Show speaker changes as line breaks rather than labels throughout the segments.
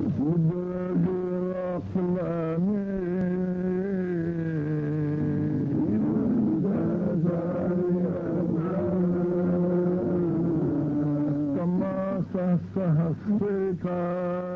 रख स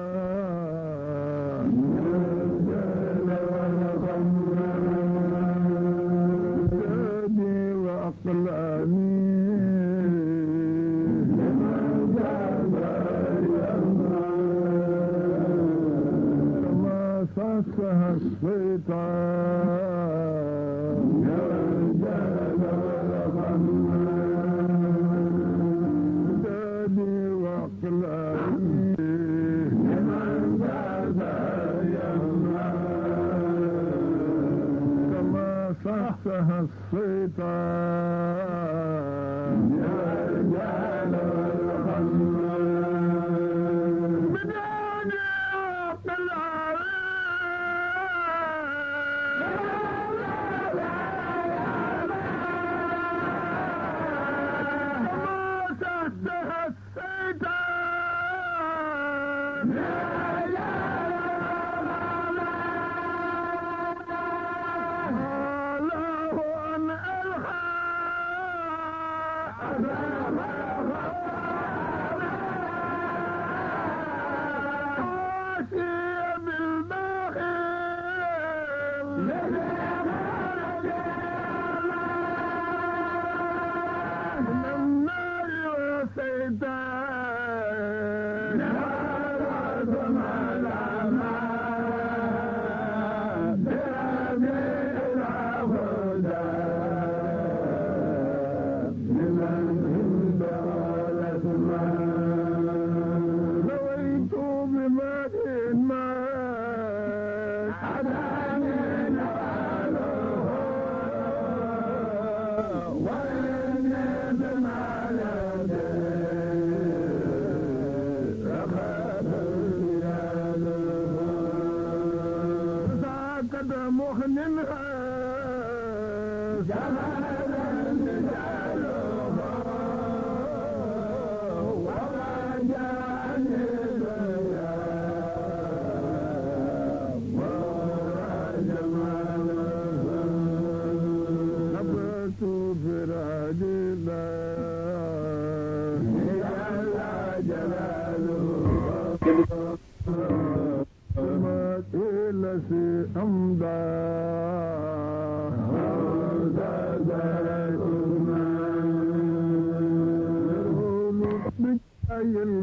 million mm-hmm.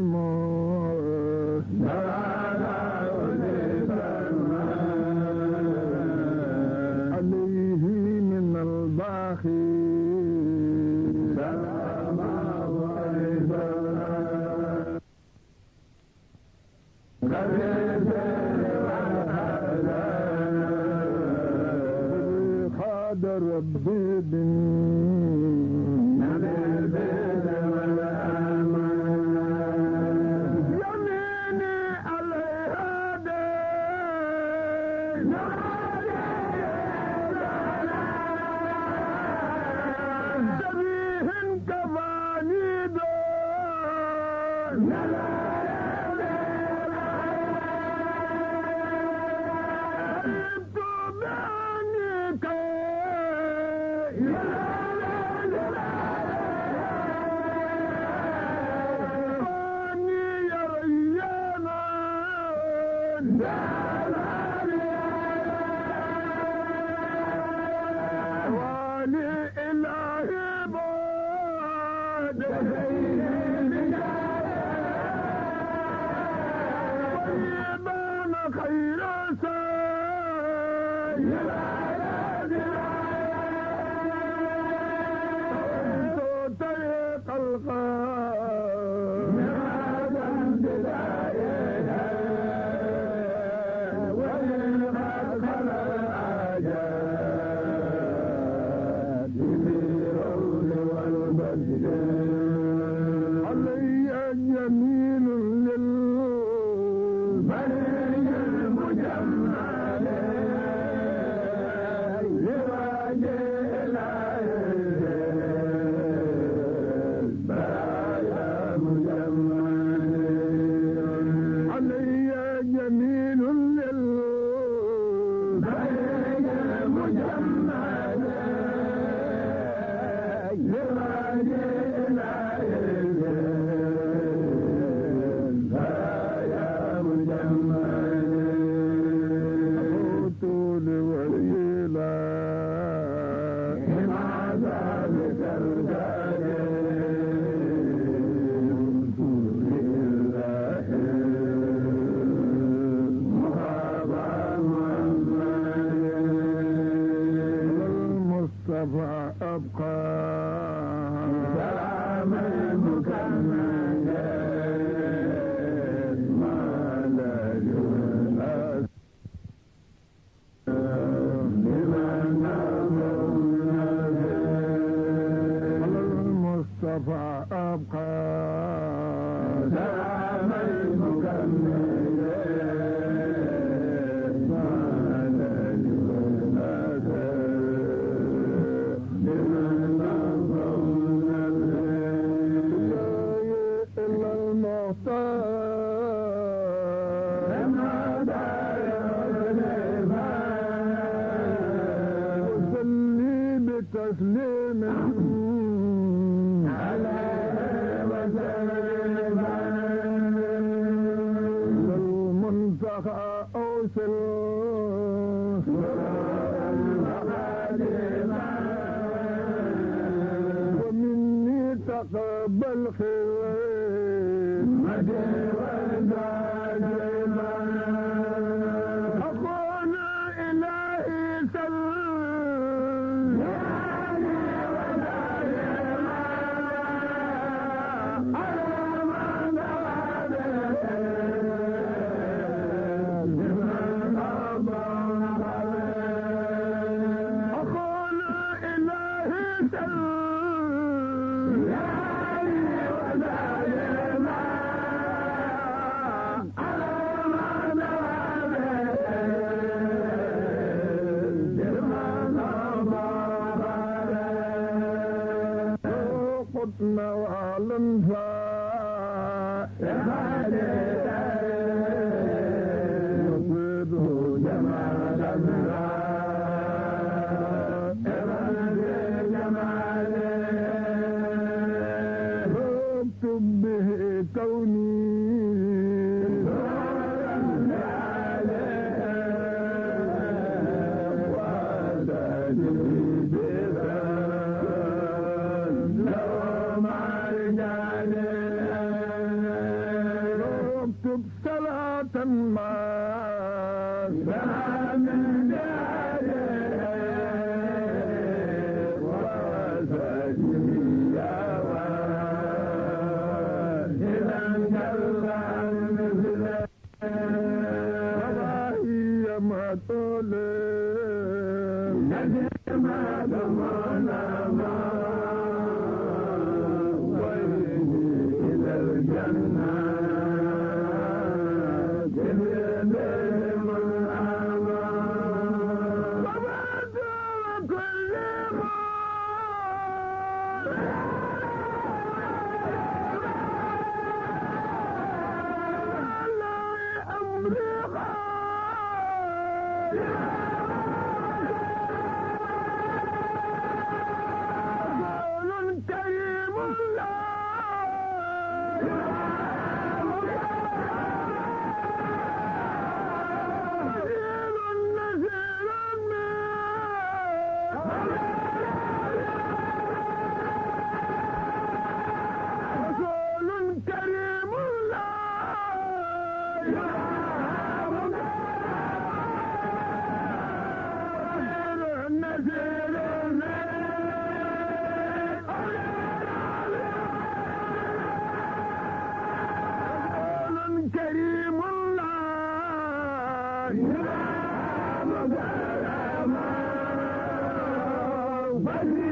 Sukama. बलेव Vai!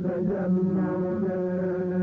ebeden mevlet.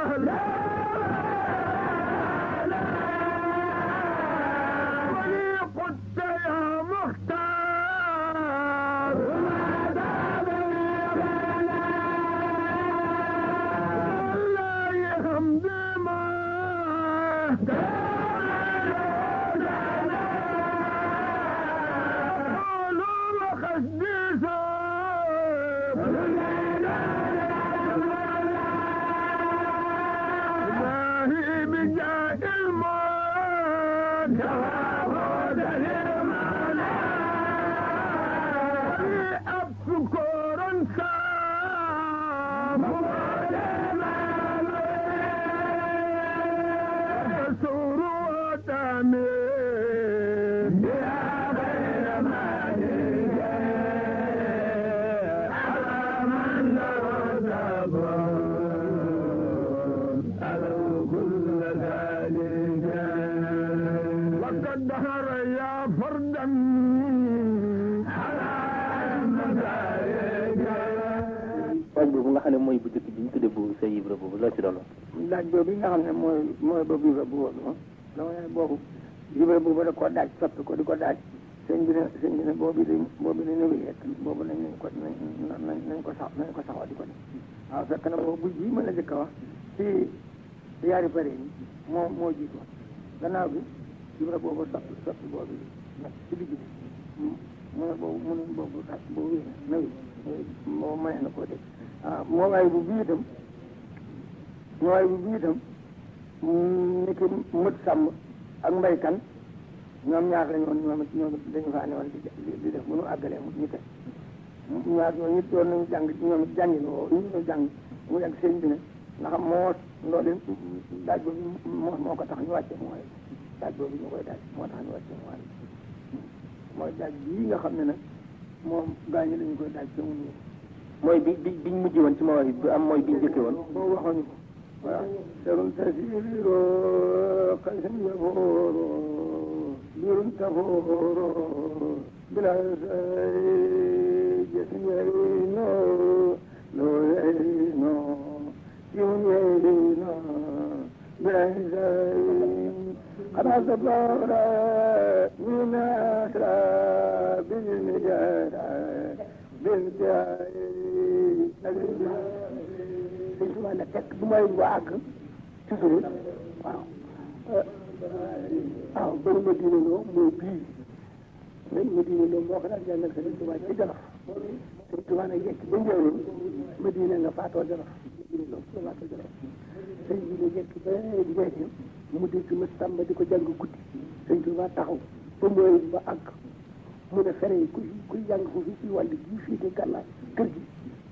لا
boobu nga xam ne mooy mooy boobu riba bu wóor moom dama ne boobu riba boobu da koo daaj soppi ko di ko daaj sëñ bi ne sëñ bi ne boobu dañ boobu dañ nuyu rek boobu nañ nañ ko nañ nañ ko sax nañ ko saxoo di ko def waaw fekk na boobu bu ji mën a jëkk a wax ci yaari pare yi moo moo jiitoon gannaaw bi riba boobu soppi soppi boobu nag ci digg bi mu ne boobu mu ne boobu tax boobu wéy na nawi boobu mënee na koo dégg waaw moo waaye bu bii itam waaye bi itam ni sàmm ak mbaykan ñoom ñaar lañu woon ñoom ñoom dañu faa ne woon di def mënu àggalee mu ñu teg ñaar ñooñu it doon nañu jàng jàng mu yàgg sëñ bi ne ndax moo loolu daaj boobu moo moo ko tax ñu wàcce mooy daaj boobu ñu koy daaj moo tax ñu wàcce mooy mooy daaj nga xam ne nag moom gaañu lañu koy daaj te mu mooy bi bi biñ mujj woon ci ma wax bi am mooy biñ jëkke woon وأحسر تسير قيس يفور نور تفور بلا زيجة يرينا لو يرينا يوم يرينا بلا زيجة قد
عزب الله من أسرى بالمجارة
بالمجارة bañ fi mën a fekk bu may ba àgg toujours waaw euh, waaw bëri ma diine loo mooy bii même ma diine loo moo ko daan jàngal Sëriñ Tuubaa ci Jolof ba njëriñ ma nga faatoo Jolof diine loo nga ba njëriñ mu dégg ma sàmba di ko jàng guddi Sëriñ Tuubaa taxaw ba mooy ba àgg mu ne fere yi kuy kuy ci wàll gii fii kër gi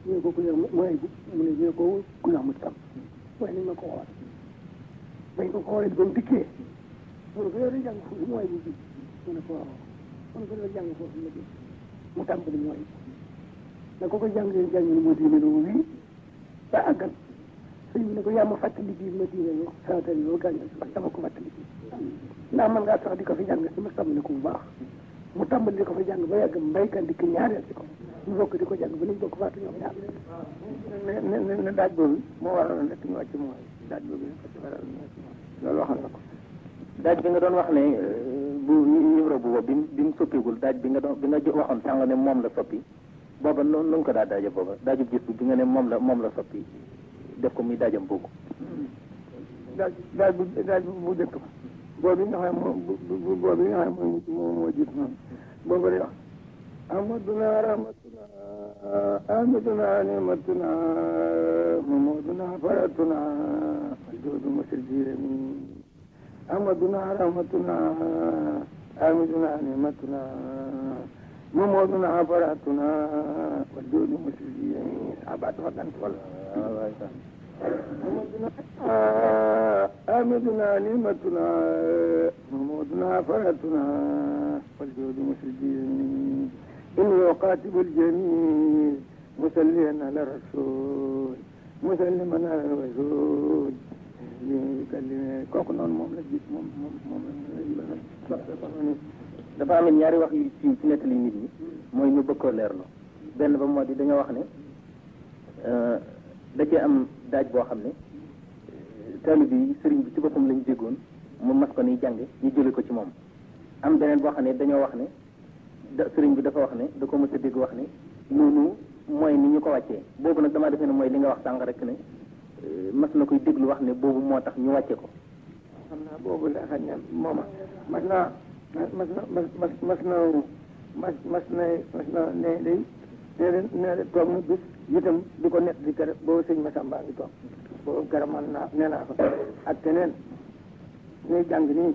ñu ne ko ku yor mooy bu mu ne ñu ne ko ku yor mu tam waaye nañ ko xool ko xoolee ba mu dikkee mu ne ko yow dañu bu mu ne ko mu ne ko yow jàng foofu la bi mu tàmbali mooy na ko ko jàngee jàngee moo diine lu wii ba àggal sëñ bi ne ko yaa ma fàttali bii ma diine yoo saa tali yoo gàññal ndax ko fàttali bii ndax man ngaa sax di ko fi jàng si ma sàmm ne ko bu baax mu tàmbali di ko fa jàng ba yàgg mbaykat di ko ñaareel ci ko ñu bokk di ko jàng ba ñu bokk faatu ñoom ñaar ne ne ne daaj boobu moo waral rek ñu wàcc mooy daaj boobu parce que waral ñu daaj bi nga doon wax ne euh, bu ñëwro bu boobu bi mu soppeegul daaj bi nga doon bi nga waxoon sànq ne moom la soppi booba noonu la nga ko daa daaje booba daajub gis bi nga ne moom la moom la soppi def ko muy daajam boobu daaj daaj bu daaj bu jëkk boobu nga xam boobu nga xam moo moo jiit noonu मथा मथां ममो नथू नथू नानी मथु नमो ॾिन बाजू मुल آمدنا نعمتنا وموتنا فرحتنا والجود مسجدين إني أقاتب الجميع مسليا على الرسول مسلما على الرسول kooku noonu moom la gis moom moom moom la dafa am ñaari wax yu ci ci nettali nit ñi mooy ñu bëgg ko leerlu benn ba moo di dañoo wax ne da cee am daaj boo xam ne taalib yi sëriñ bi ci boppam lañ déggoon mu mas ko ni jàng ñu jële ko ci moom am beneen boo xam ne dañoo wax ne da sëriñ bi dafa wax ne da ko mës dégg wax ne noonu mooy ni ñu ko wàccee boobu nag dama defee ne mooy li nga wax sànq rek ne euh, mas na koy déglu wax ne boobu moo tax ñu wàcce ko xam naa boobu la xaj na mas naa mas na mas mas na mas mas na mas na ne day ne ne toog na bis itam di ko nett di kër boo sëñ Masamba ngi toog boobu kër man naa nee naa ko ak keneen ngay jàng nii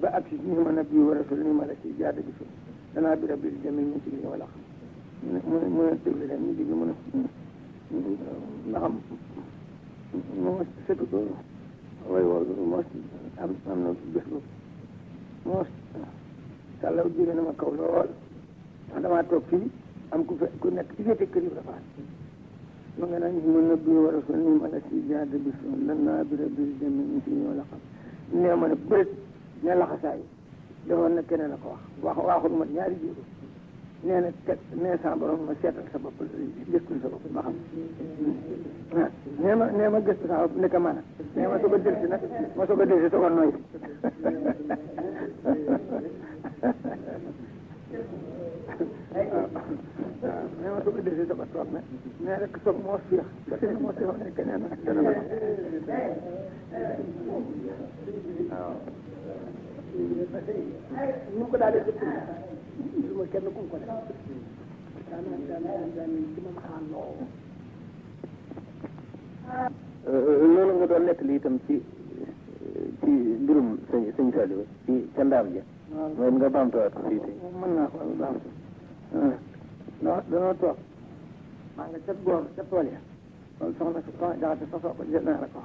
ba ak si nii ma nabi wa rasul nii ma la si jaada bi fi danaa bi rabbi jamil ñu si nii wala xam mu ne mu ne déglu leen ñu déglu mu ne nga xam moo sëtu ko way woo moo am am na bés bu moo sàllaw jóge na ma kaw lool damaa toog fii am ku fe ku nekk ci féete kër Ibra Faal ma nga naan ma nëbbi war a sol ni ma la si jaada bi son lan naa bi rabbi demee ñu si ñoo la xam nee ma ne bërët ne laxasaayu defoon na keneen la ko wax wax waxul ma ñaari jéego nee na teg nee sa borom ma seetal sa bopp gëstul sa bopp ma xam waaw nee ma nee ma gëstu sa bopp nekk maanaam nee ma soog a dëlsi nag ma soog a dëlsi soog a noyyi Thank you. nema to bude že doba slavné. Ne, tak to moci, tak to moci ho neka nema. Mun ko daal ci lu ma kenn ku ko def. Dana dana dana ci ma xallo. loolu nga doon nekk li itam ci ci mbirum sëñ sëñ Saliou ci ca ndaam ja. waaw nga bamtuwaat ko fii tey. mën naa ko bamtu. noo danoo toog maa nga ca góor ca tool ya loolu soxna si ko jaxate sosoo ko jël naa la ko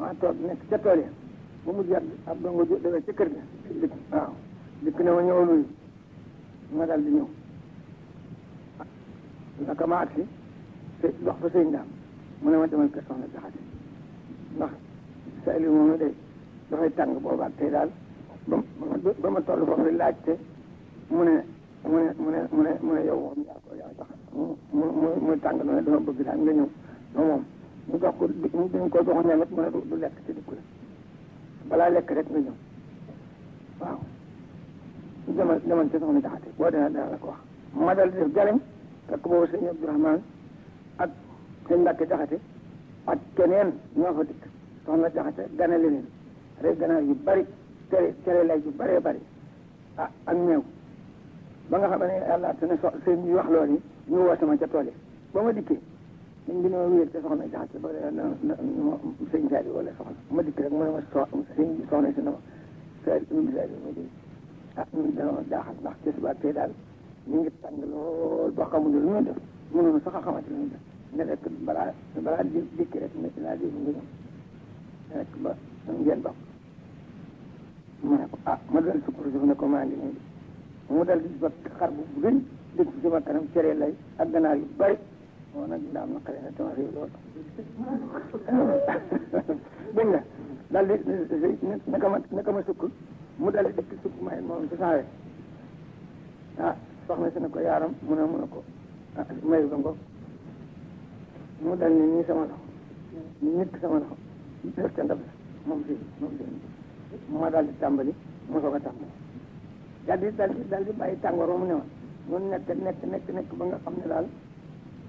maa toog nekk ca tool ya ba mu jàdd dongo ju demee ca kër ga dikk waaw dikk ne ma ñëw luy ma dal di ñëw naka ma agsi te dox fa sëñ daam mu ne ma demal kër soxna jaxate ndax sa li moom de dafay tàng boobaak tey daal ba ma toll foofu laajte mu ne mu ne mu ne mu ne mu ne yow moom yaa ko yaa tax mu mu mu tàng ne dama bëgg daal nga ñëw moom mu jox ko dañ ko joxoon ñaar mu ne du lekk ci dikk la balaa lekk rek nga ñëw waaw demal demal ci soxna Jaxate boo demee dana la ko wax ma dal di def jaleñ fekk boobu sëñ Abdourahmane ak sëñ Mbàkke Jaxate ak keneen ñoo fa dikk soxna Jaxate ganale leen rek ganaar yu bari tere tere lay yu bëree bëri ah ak meew ba nga xam ne yàlla te ne so sëñ bi wax loolu ñu woote ma ca tool ba ma dikkee dañ bi noo wéer ca soxna jaxate ba sëñ saali wala soxna ma dikk rek mu ne ma sëñ bi soxna si na ma saali mu saali ma dégg ah ñun dana jaaxal ndax ca subaa tey daal ñu ngi tàng lool ba xamul lu ñu def mënoonu sax a xamante lu ñu def ne rek balaa balaa di dikk rek ne laa dégg nga ñëw rek ba ngeen ba ma ne ko ah ma doon sukkur suuf ne ko maa ngi nii mu dal di ba xar bu rëy dëgg ci sama kanam cere lay ak ganaar yu bari moo nag daa am na xale na sama loolu dégg nga daal di naka ma naka ma sukk mu dal di def ci sukk may moom ci saawe ah soxna si ne ko yaaram mun ne mu ne ko ah, mayu ga ngoog mu dal ni nii sama loxo ñëkk sama loxo def la moom si moom si daal di tàmbali mu soog a tàmbali dal di dal di dal di bàyyi tàngoor ba mu ne ma mun nekk nekk nekk nekk ba nga xam ne daal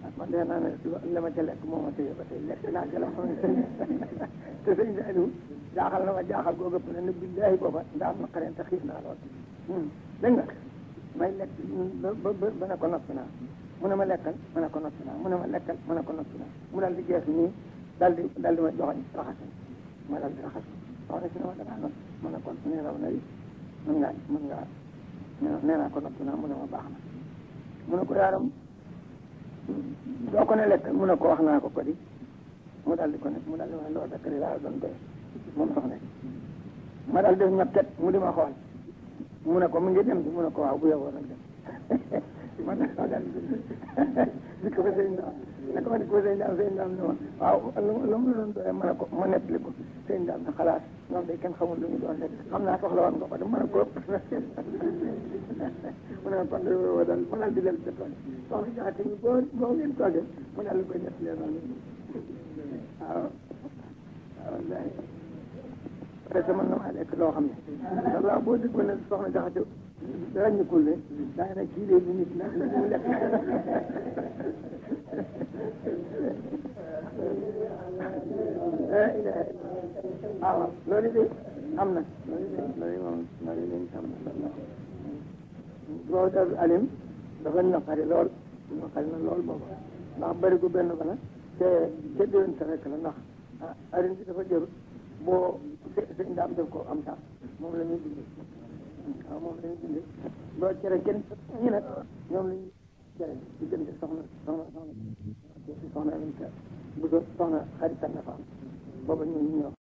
ah, man de naa ne la ma ca lekk moo ma téye ba tey lekk naa ca la ma te sëñ bi Aliou jaaxal na ma jaaxal googu ëpp na ne billaahi booba ndax ma xareen te xiif naa lool hmm, dégg nga may lekk ba ba ba ne ko noppi naa mu ne ma lekkal ma ne ko noppi naa mu ne ma lekkal ma ne ko noppi naa mu dal di gees nii dal di dal di ma joxoñ raxas ma dal di raxas soxna si ne ma danaa noppi ma ne kon ne raw na yi mën ngaa nee naa ko noppi naa mu ne ma baax na mu ne ko yaaram doo ko ne lekk mu ne ko wax naa ko ko di mu daal di ko ne mu daal di wax loolu dakk di laa doon doy moom soxna ma daal def ñettet mu di ma xool mu ne ko mu ngi dem bi mu ne ko waaw bu yeboo nag dem وانا قاعد ذكرنا لكم ذكر زينا زينا منو لم من من نتلكم زينا من خلاص نعم دي كان خمول لوني دون لك خمنا تخلو عن قبل ما نقول وانا قلت ودل وانا بدل تقول صار جاتني بول بول يمكن وانا اللي كنت لنا اه والله أتمنى عليك لو خمسة لا بد من الصحن تحته ràññikul ne daana kii de bu nit nag mu lekk waaw loolu de am na loolu de loolu moom loolu lañ xam boobu daal alim dafa naqari lool naqari na lool boobu ndax bëri gu benn bana te te déwén sa la ndax arin ah, bi dafa jëru boo sëñ ko am tax moom la ñuy dundee waaw moom lañuy dundee doo cere kenn ñi nag ñoom lañuy cere di jënd soxna soxna soxna soxna soxna xarit sax na fa am booba ñoo ñu ñoo